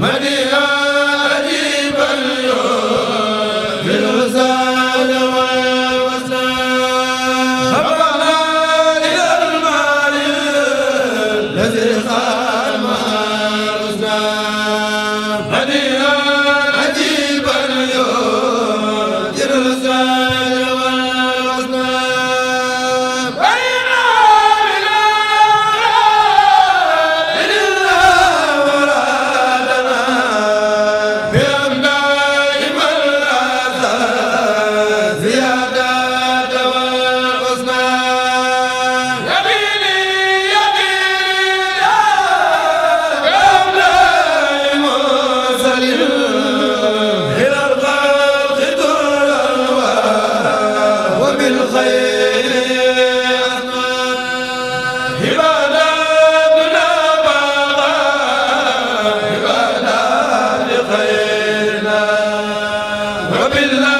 Muhammadin بالله